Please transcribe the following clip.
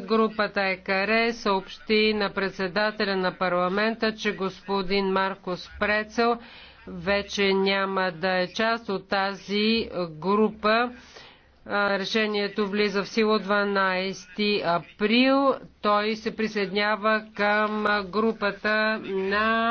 Групата ЕКАРЕ съобщи на председателя на парламента, че господин Маркус Прецел вече няма да е част от тази група. Решението влиза в сила 12 април. Той се присъединява към групата на